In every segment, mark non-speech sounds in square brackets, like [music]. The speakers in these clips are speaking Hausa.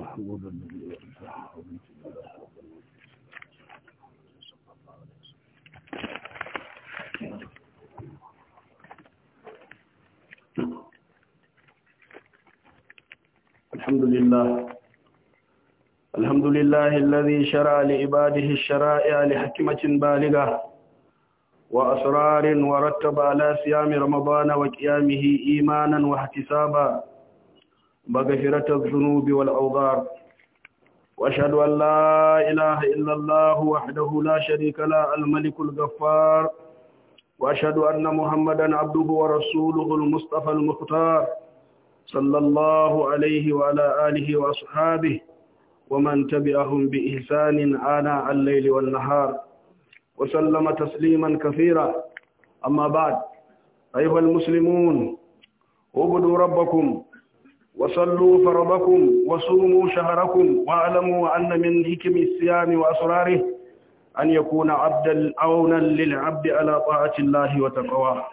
محمود الحمد لله الحمد لله الذي شرع لعباده الشرائع لحكمة بالغة وأسرار ورتب على صيام رمضان وقيامه إيمانا واحتسابا مغفرة الذنوب والأوضار وأشهد أن لا إله إلا الله وحده لا شريك له الملك الغفار وأشهد أن محمدا عبده ورسوله المصطفى المختار صلى الله عليه وعلى آله وأصحابه ومن تبعهم بإحسان آناء الليل والنهار وسلم تسليما كثيرا أما بعد أيها المسلمون اعبدوا ربكم وصلوا فرضكم وصوموا شهركم واعلموا أن من حكم الصيام وأسراره أن يكون عبدا عونا للعبد على طاعة الله وتقواه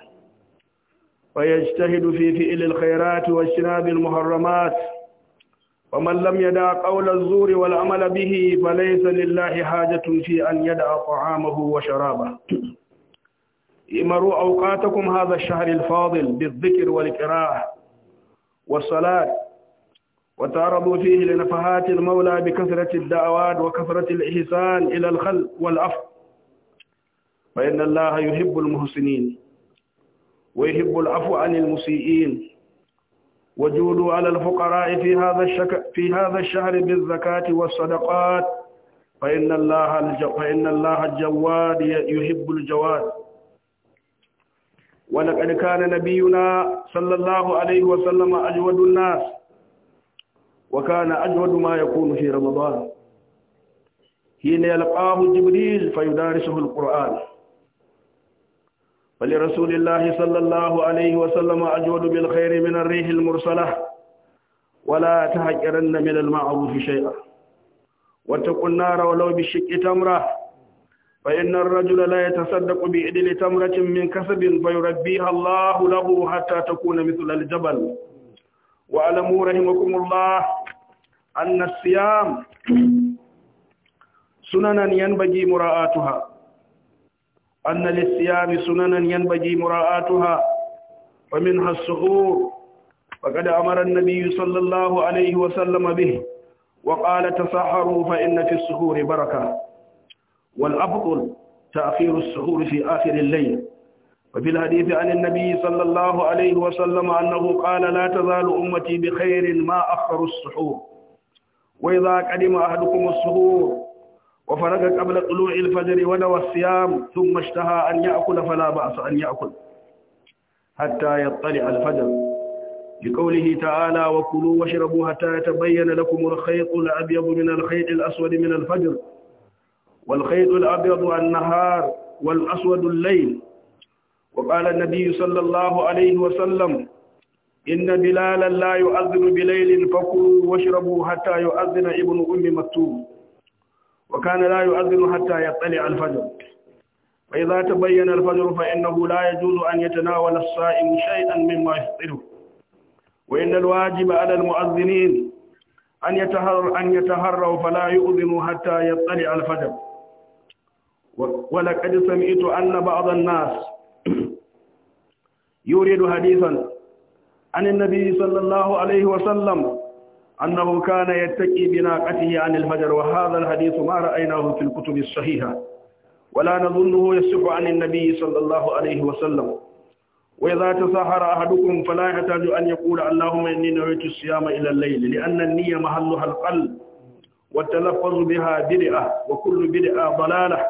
ويجتهد في فئل الخيرات واجتناب المحرمات ومن لم يدع قول الزور والعمل به فليس لله حاجة في أن يدع طعامه وشرابه امروا أوقاتكم هذا الشهر الفاضل بالذكر والكراه والصلاة وتعرضوا فيه لنفحات المولى بكثرة الدعوات وكثرة الإحسان إلى الخلق والعفو فإن الله يحب المحسنين ويحب العفو عن المسيئين وجودوا على الفقراء في هذا الشك في هذا الشهر بالزكاة والصدقات فإن الله الج... فإن الله الجواد يحب الجواد ولقد كان نبينا صلى الله عليه وسلم أجود الناس وكان أجود ما يكون في رمضان حين يلقاه جبريل فيدارسه القرآن ولرسول الله صلى الله عليه وسلم أجود بالخير من الريح المرسلة ولا تهجرن من المعروف شيئا واتقوا النار ولو بالشك تمره فإن الرجل لا يتصدق بإدل تمرة من كسب فيربيها الله له حتى تكون مثل الجبل وألموا رحمكم الله أن الصيام سننا ينبغي مراءاتها أن للصيام سننا ينبغي مراءاتها ومنها السحور وقد أمر النبي صلى الله عليه وسلم به وقال تسحروا فإن في السحور بركة والأفضل تأخير السحور في آخر الليل وفي الحديث عن النبي صلى الله عليه وسلم أنه قال لا تزال أمتي بخير ما أخر السحور وإذا قدم أحدكم السحور وفرق قبل طلوع الفجر ونوى الصيام ثم اشتهى أن يأكل فلا بأس أن يأكل حتى يطلع الفجر لقوله تعالى وكلوا واشربوا حتى يتبين لكم الخيط الأبيض من الخيط الأسود من الفجر والخيط الأبيض النهار والأسود الليل وقال النبي صلى الله عليه وسلم إن بلالا لا يؤذن بليل فكلوا واشربوا حتى يؤذن ابن أم مكتوم وكان لا يؤذن حتى يطلع الفجر فإذا تبين الفجر فإنه لا يجوز أن يتناول الصائم شيئا مما يفطره وإن الواجب على المؤذنين أن يتهر أن يتهروا فلا يؤذنوا حتى يطلع الفجر ولقد سمعت أن بعض الناس يريد حديثا عن النبي صلى الله عليه وسلم أنه كان يتكي بناقته عن الفجر وهذا الحديث ما رأيناه في الكتب الصحيحة ولا نظنه يصح عن النبي صلى الله عليه وسلم وإذا تساهر أحدكم فلا يحتاج أن يقول اللهم إني نويت الصيام إلى الليل لأن النية محلها القلب والتلفظ بها بدعة وكل بدعة ضلالة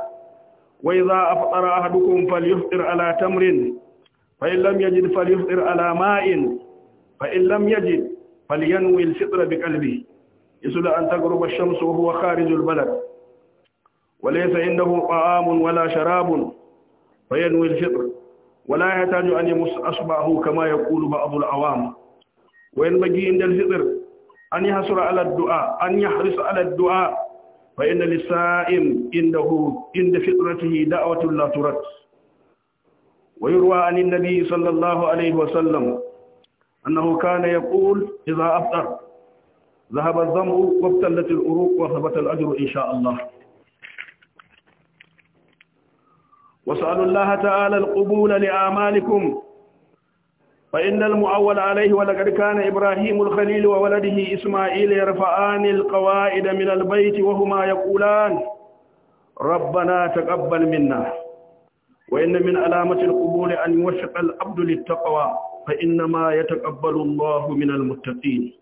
وإذا أفطر أحدكم فليفطر على تمر فإن لم يجد فليفطر على ماء فإن لم يجد فلينوي الفطر بقلبه يسل أن تغرب الشمس وهو خارج البلد وليس عنده طعام ولا شراب فينوي الفطر ولا يحتاج أن يمس أصبعه كما يقول بعض العوام وينبغي عند الفطر أن يحرص على الدعاء أن يحرص على الدعاء فإن للصائم إنه عند فطرته دعوة لا ترد ويروى عن النبي صلى الله عليه وسلم أنه كان يقول إذا أفطر ذهب الظمء وابتلت الأروق وثبت الأجر إن شاء الله وسألوا الله تعالى القبول لأعمالكم فإن المؤول عليه ولقد كان إبراهيم الخليل وولده إسماعيل يرفعان القواعد من البيت وهما يقولان ربنا تقبل منا وإن من علامة القبول أن يوفق العبد للتقوى فإنما يتقبل الله من المتقين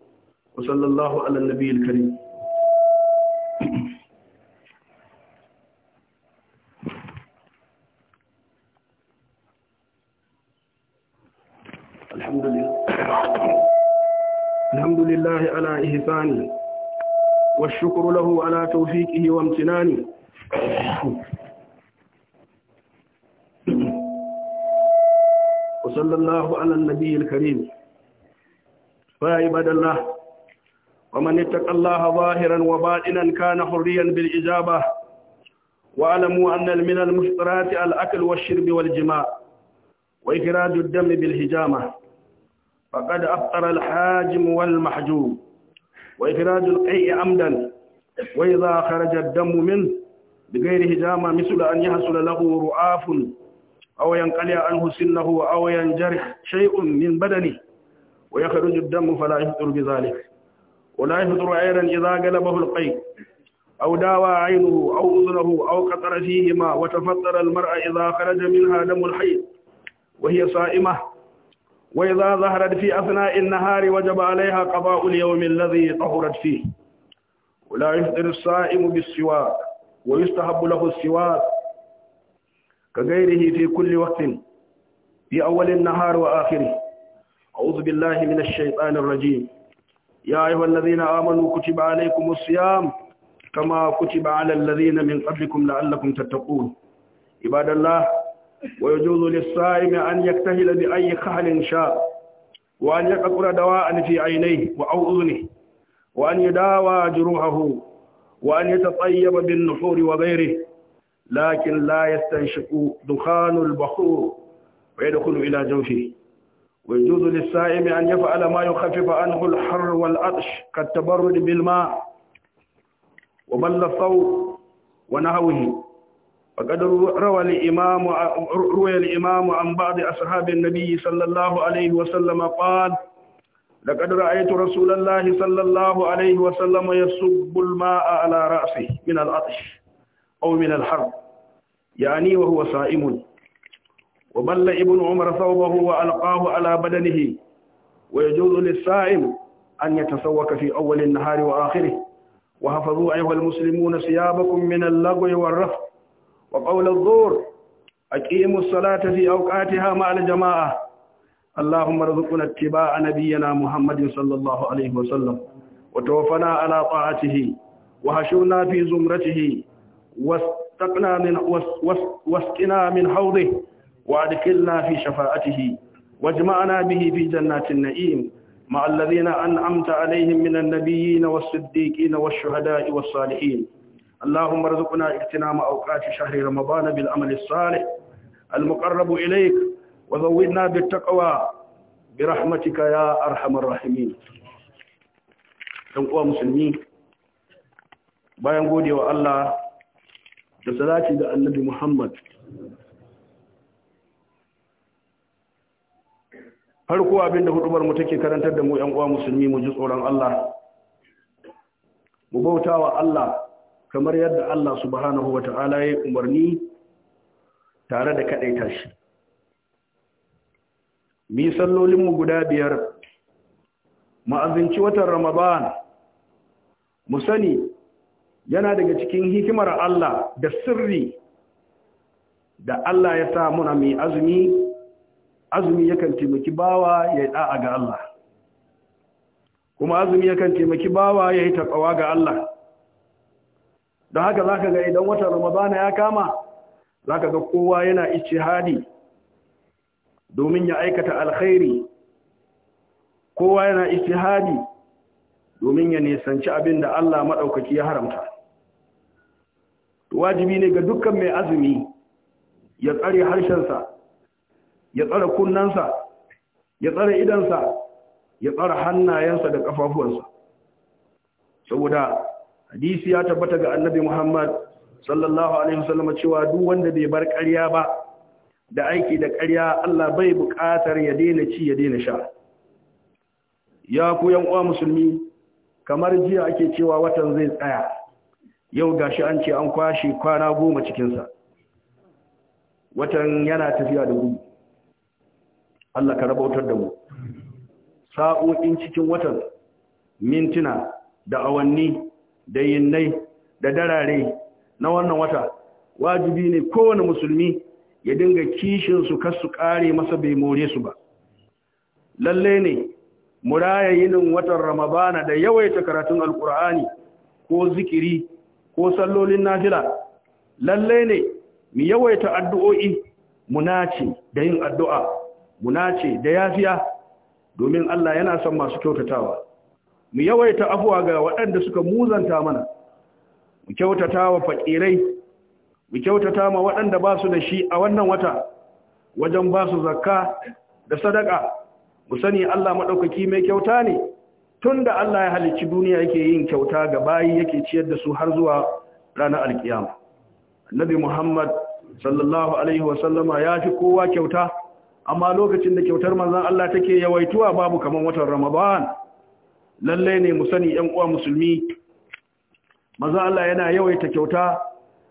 وصلى الله على النبي الكريم الحمد لله [coughs] الحمد لله على إحسانه والشكر له على توفيقه وامتناني [coughs] وصلى الله على النبي الكريم فعباد الله ومن اتقى الله ظاهرا وباطنا كان حريا بالإجابة واعلموا أن من المفطرات الأكل والشرب والجماع وإفراد الدم بالحجامة فقد أفطر الحاجم والمحجوم وإخراج القيء عمدا وإذا خرج الدم منه بغير هجامة مثل أن يحصل له رعاف أو ينقلع عنه سنه أو ينجرح شيء من بدنه ويخرج الدم فلا يفطر بذلك ولا يفطر عينا إذا قلبه القيء أو داوى عينه أو أذنه أو قطر فيهما وتفطر المرأة إذا خرج منها دم الحيض وهي صائمة وإذا ظهرت في أثناء النهار وجب عليها قضاء اليوم الذي طهرت فيه ولا يفطر الصائم بالسواك ويستحب له السواك كغيره في كل وقت في أول النهار وآخره أعوذ بالله من الشيطان الرجيم يا أيها الذين آمنوا كتب عليكم الصيام كما كتب على الذين من قبلكم لعلكم تتقون عباد الله ويجوز للصائم أن يكتهل بأي خهل شاء وأن يقطر دواء في عينيه أو أذنه وأن يداوى جروحه وأن يتطيب بالنحور وغيره لكن لا يستنشق دخان البخور ويدخل إلى جوفه ويجوز للصائم أن يفعل ما يخفف عنه الحر والعطش كالتبرد بالماء وبل الصوت ونهوه فقد روى الإمام روي الإمام عن بعض أصحاب النبي صلى الله عليه وسلم قال لقد رأيت رسول الله صلى الله عليه وسلم يصب الماء على رأسه من العطش أو من الحرب يعني وهو صائم وبل ابن عمر ثوبه وألقاه على بدنه ويجوز للصائم أن يتسوك في أول النهار وآخره وحفظوا أيها المسلمون ثيابكم من اللغو والرفق وقول الظهر أقيموا الصلاة في أوقاتها مع الجماعة اللهم ارزقنا اتباع نبينا محمد صلى الله عليه وسلم وتوفنا على طاعته وهشرنا في زمرته واستقنا من واسقنا من حوضه وادخلنا في شفاعته واجمعنا به في جنات النعيم مع الذين أنعمت عليهم من النبيين والصديقين والشهداء والصالحين اللهم ارزقنا اغتنام أوقات شهر رمضان بالعمل الصالح المقرب إليك وزودنا بالتقوى برحمتك يا أرحم الراحمين uwa musulmi bayan gode wa Allah da salati da annabi Muhammad farko abinda hudubar mu take karantar da mu uwa musulmi mu ji tsoron Allah mu bauta wa Allah kamar yadda Allah subhanahu Ta'ala ya umarni tare da kaɗaita shi mi sallolinmu guda biyar Mu ma'azinci watan ramadan mu sani yana daga cikin hikimar Allah da sirri da Allah ya sa muna mai azumi azumi yakan taimaki bawa ya yi ga Allah kuma azumi yakan taimaki bawa ya yi taɓawa ga Allah don haka za ka ga idan watan ramadana ya kama za ka ga kowa yana hadi domin ya aikata alkhairi kowa yana hadi domin ya nisanci abin da Allah maɗaukaki ya haramta wajibi ne ga dukkan mai azumi ya tsare harshensa ya tsare kunnansa ya tsare idansa ya tsare hannayensa da ƙafafuwansa saboda hadisi ya tabbata ga annabi Muhammad sallallahu alaihi wasallam cewa duk wanda bai bar ƙarya ba da aiki da ƙarya Allah bai buƙatar ya daina ci ya daina sha ya ku yan uwa musulmi kamar jiya ake cewa watan zai tsaya yau gashi an ce an kwashe kwana goma cikin sa watan yana tafiya da gudu Allah ka rabautar da mu sa'o'in cikin watan mintuna da awanni da yinnai da darare na wannan wata wajibi ne kowane musulmi ya dinga kishin su kar su kare masa bai more su ba lalle ne muraya yinin watan Ramabana da yawaita karatun alkur'ani ko zikiri ko sallolin nafila lalle ne mu yawaita addu'o'i munace da yin addu'a munace da yafiya domin Allah yana son masu kyautatawa mu yawaita afuwa ga waɗanda suka muzanta mana mu kyautata wa fakirai mu kyautata ma waɗanda ba su da shi a wannan wata wajen ba su zakka da sadaka mu sani Allah madaukaki mai kyauta ne tunda Allah ya halicci duniya yake yin kyauta ga bayi yake ciyar da su har zuwa ranar alkiyama annabi Muhammad sallallahu alaihi wa sallama ya fi kowa kyauta amma lokacin da kyautar manzon Allah take yawaituwa babu kaman watan Ramadan lallai ne mu sani ‘yan uwa musulmi maza Allah yana yawaita kyauta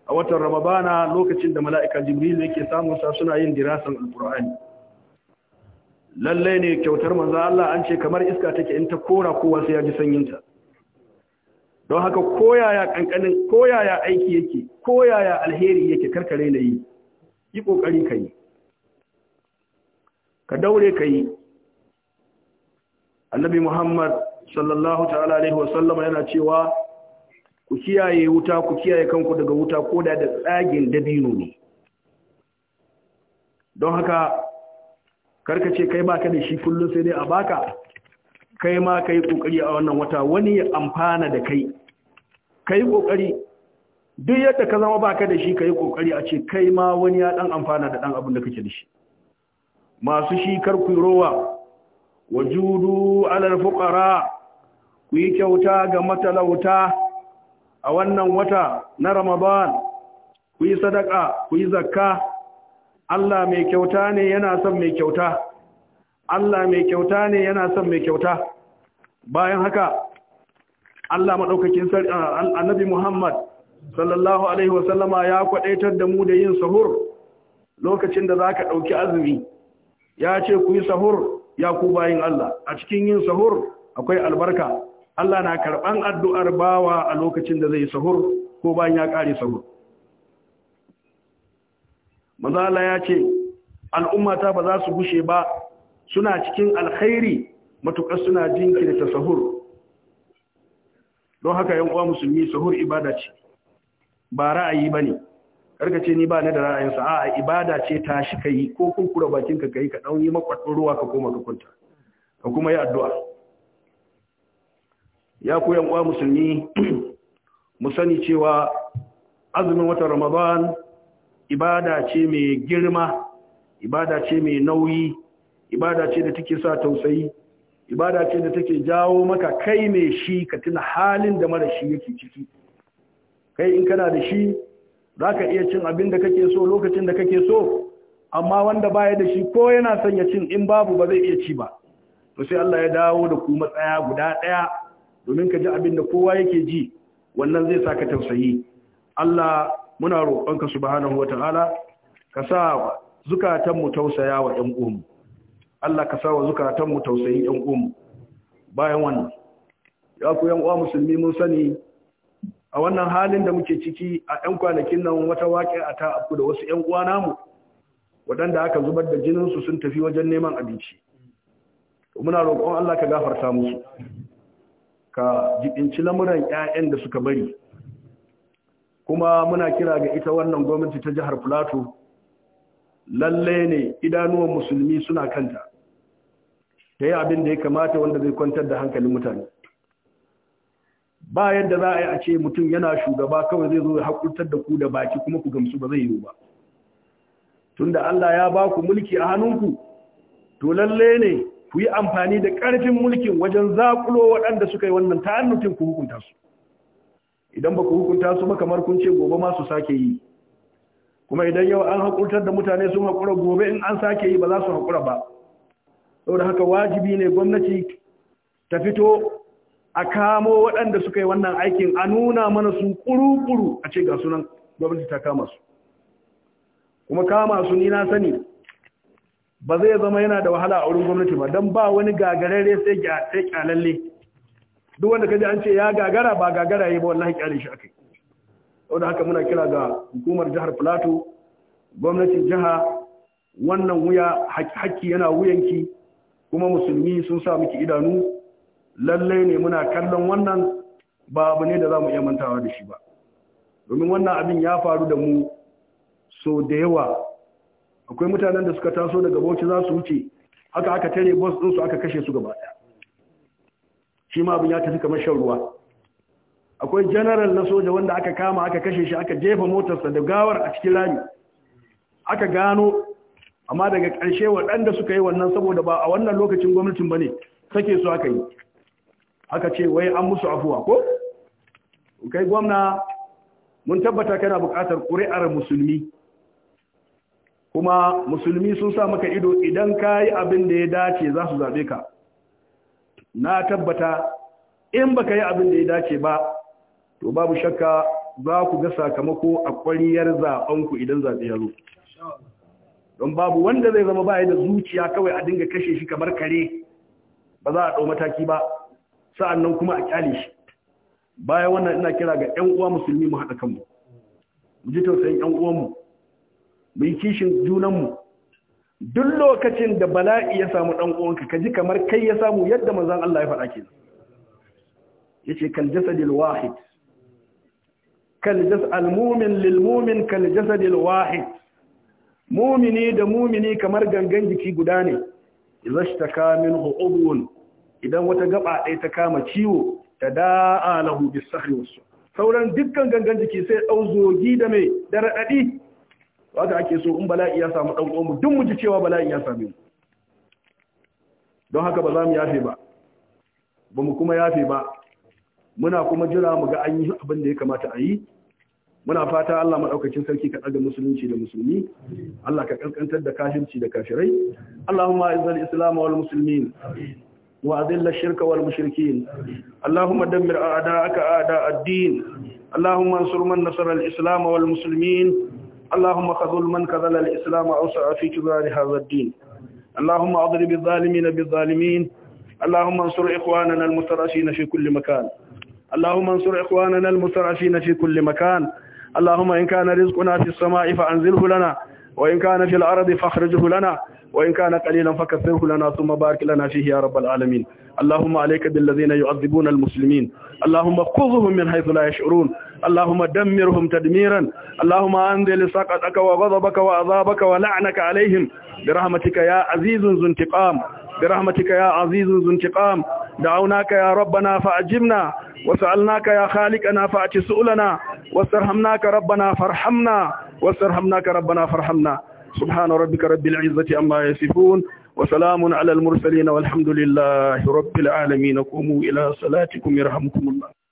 a watan Ramadana lokacin da mala'ika Jibril yake samun sa suna yin dirasan Alƙur'ani. Lallai ne kyautar maza Allah an ce kamar iska take in ta kora kowa sai ya ji sanyinta. Don haka koyaya ƙanƙanin, koyaya aiki yake, koyaya alheri yake karkare na yi, yi ƙoƙari ka yi. Ka daure ka yi. Annabi Muhammad sallallahu ta'ala alaihi sallama yana cewa ku kiyaye wuta ku kiyaye kanku daga wuta ko da da tsagin dabino ne don haka karka ce kai baka da shi kullum sai dai a baka kai ma kai kokari a wannan wata wani ya amfana da kai kai kokari duk yadda ka zama baka da shi kai kokari a ce kai ma wani ya dan amfana da dan abin da kake da shi masu shi karku rowa wajudu alal alfuqara ku yi kyauta ga matalauta a wannan wata na Ramadan ku yi sadaka ku yi zakka Allah mai kyauta ne yana son mai kyauta Allah mai kyauta ne yana son mai kyauta bayan haka Allah madaukakin annabi Muhammad sallallahu alaihi wasallama ya kwadaitar da mu da yin sahur lokacin da zaka dauki azumi ya ce ku yi sahur ya ku bayin Allah a cikin yin sahur akwai albarka Allah na karɓan addu'ar bawa a lokacin da zai sahur ko bayan ya ƙare sahur. Mazala ya ce, al'ummata ba za su gushe ba suna cikin alkhairi matuƙar suna jinkirta sahur. Don haka ‘yan uwa musulmi sahur ibada ce, ba ra'ayi ba ne, ce ni ba ni da ra'ayinsa, a ibada ce ta shi ka yi ko kunkura bakinka ka yi ka ɗauyi makwaɗin ruwa ka koma ka kunta, ka kuma yi addu'a. ya koyan uwa musulmi mu sani cewa azumin watan ramadan ibada ce mai girma ibada ce mai nauyi ibada ce da take sa tausayi ibada ce da take jawo maka kai mai shi ka tuna halin da mara shi yake ciki kai in kana da shi za ka iya cin abin da kake so lokacin da kake so amma wanda baya da shi ko yana son ya cin in babu ba zai iya ci ba to sai Allah ya dawo da ku matsaya guda ɗaya domin ka ji abin da kowa yake ji wannan zai sa ka tausayi Allah muna roƙonka subhanahu wataala ka sa zukatan mu tausaya wa ɗan uwan Allah ka sa wa zukatan mu tausayi ɗan uwan bayan wannan ya ku ƴan uwa musulmi mun sani a wannan halin da muke ciki a ɗan kwanakin nan wata waƙe a ta abu da wasu ƴan uwa namu waɗanda aka zubar da jininsu sun tafi wajen neman abinci muna roƙon Allah ka gafarta musu ka jiɗinci lamuran 'ya'yan da suka bari kuma muna kira ga ita wannan gwamnati ta jihar filato lalle ne idanuwan musulmi suna kanta ta yi abin da ya kamata wanda zai kwantar da hankalin mutane ba yadda za a yi a ce mutum yana shugaba kawai zai zo ya haƙurtar da ku da baki kuma ku gamsu ba zai yiwu ba tunda Allah ya ba ku mulki a hannunku to lalle ne ku yi amfani da ƙarfin mulkin wajen zaƙulo waɗanda suka yi wannan ta'annutin ku hukunta su idan ba ku hukunta su ba kamar kun ce gobe ma su sake yi kuma idan yau an haƙurtar da mutane sun haƙura gobe in an sake yi ba za su haƙura ba saboda haka wajibi ne gwamnati ta fito a kamo waɗanda suka yi wannan aikin a nuna mana su kuru-kuru a ce ga sunan gwamnati ta kama su kuma kama su ni na sani ba zai zama yana da wahala a wurin gwamnati ba don ba wani gagarare sai kyalalle duk wanda kaji an ce ya gagara ba gagara yi ba wallahi kyale shi akai da haka muna kira ga hukumar jihar Filato gwamnatin jiha wannan wuya hakki yana wuyanki kuma musulmi sun sa miki idanu lallai ne muna kallon wannan ba abu ne da za mu iya mantawa da shi ba domin wannan abin ya faru da mu so da yawa akwai mutanen da suka taso daga bauchi za su wuce haka aka tare bus din su aka kashe su gaba daya shi ma abin ya tafi kamar shan ruwa akwai general na soja wanda aka kama aka kashe shi aka jefa motarsa da gawar a cikin rami aka gano amma daga karshe waɗanda suka yi wannan saboda ba a wannan lokacin gwamnatin ba ne sake su aka yi aka ce wai an musu afuwa ko? kai gwamna mun tabbata kana buƙatar ƙuri'ar musulmi kuma musulmi sun sa maka ido idan ka yi abin da ya dace za su zaɓe ka na tabbata in baka yi abin da ya dace ba to babu shakka za ku ga sakamako a ƙwariyar zaɓenku idan zaɓe ya zo don babu wanda zai zama baya da zuciya kawai a dinga kashe shi kamar kare ba za a ɗau mataki ba sa'annan kuma a kyale shi bayan wannan ina kira ga 'yan uwa musulmi mu haɗa kanmu mu ji tausayin 'yan uwanmu mu yi kishin junanmu duk lokacin da bala'i ya samu dan uwanka kaji kamar kai ya samu yadda manzon Allah ya faɗa ke ya ce kal jasadil wahid kal jasal mumin lil mumin kal jasadil wahid mumini da mumini kamar gangan jiki guda ne izashtaka minhu udwun idan wata gaba ɗaya ta kama ciwo ta da'a lahu bis sahri sauran dukkan gangan jiki sai ɗau zogi da mai da haka ake so in bala'i ya samu dan uwan mu duk mu ji cewa bala'i ya same mu don haka ba za mu yafe ba ba mu kuma yafe ba muna kuma jira mu ga an yi abin da ya kamata a yi muna fata Allah maɗaukacin sarki ka ɗaga musulunci da musulmi Allah ka ƙanƙantar da kafirci da kafirai Allahumma izzal islam wal muslimin wa azil shirka wal mushrikin Allahumma dammir a'da'aka a'da ad-din Allahumma ansur man nasara al islam wal muslimin اللهم خذل من كذل الإسلام أوسع في كبار هذا الدين اللهم أضرب الظالمين بالظالمين اللهم انصر إخواننا المتراشين في كل مكان اللهم انصر إخواننا المتراشين في كل مكان اللهم إن كان رزقنا في السماء فأنزله لنا وإن كان في الأرض فاخرجه لنا وإن كان قليلا فكثره لنا ثم بارك لنا فيه يا رب العالمين اللهم عليك بالذين يعذبون المسلمين اللهم خذهم من حيث لا يشعرون اللهم دمرهم تدميرا اللهم أنزل سقطك وغضبك وعذابك ولعنك عليهم برحمتك يا عزيز ذو انتقام برحمتك يا عزيز ذو انتقام دعوناك يا ربنا فأجبنا وسألناك يا خالقنا فاعط سؤلنا واسترحمناك ربنا فارحمنا واسترحمناك ربنا فارحمنا سبحان ربك رب العزة أما يصفون وسلام على المرسلين والحمد لله رب العالمين قوموا إلى صلاتكم يرحمكم الله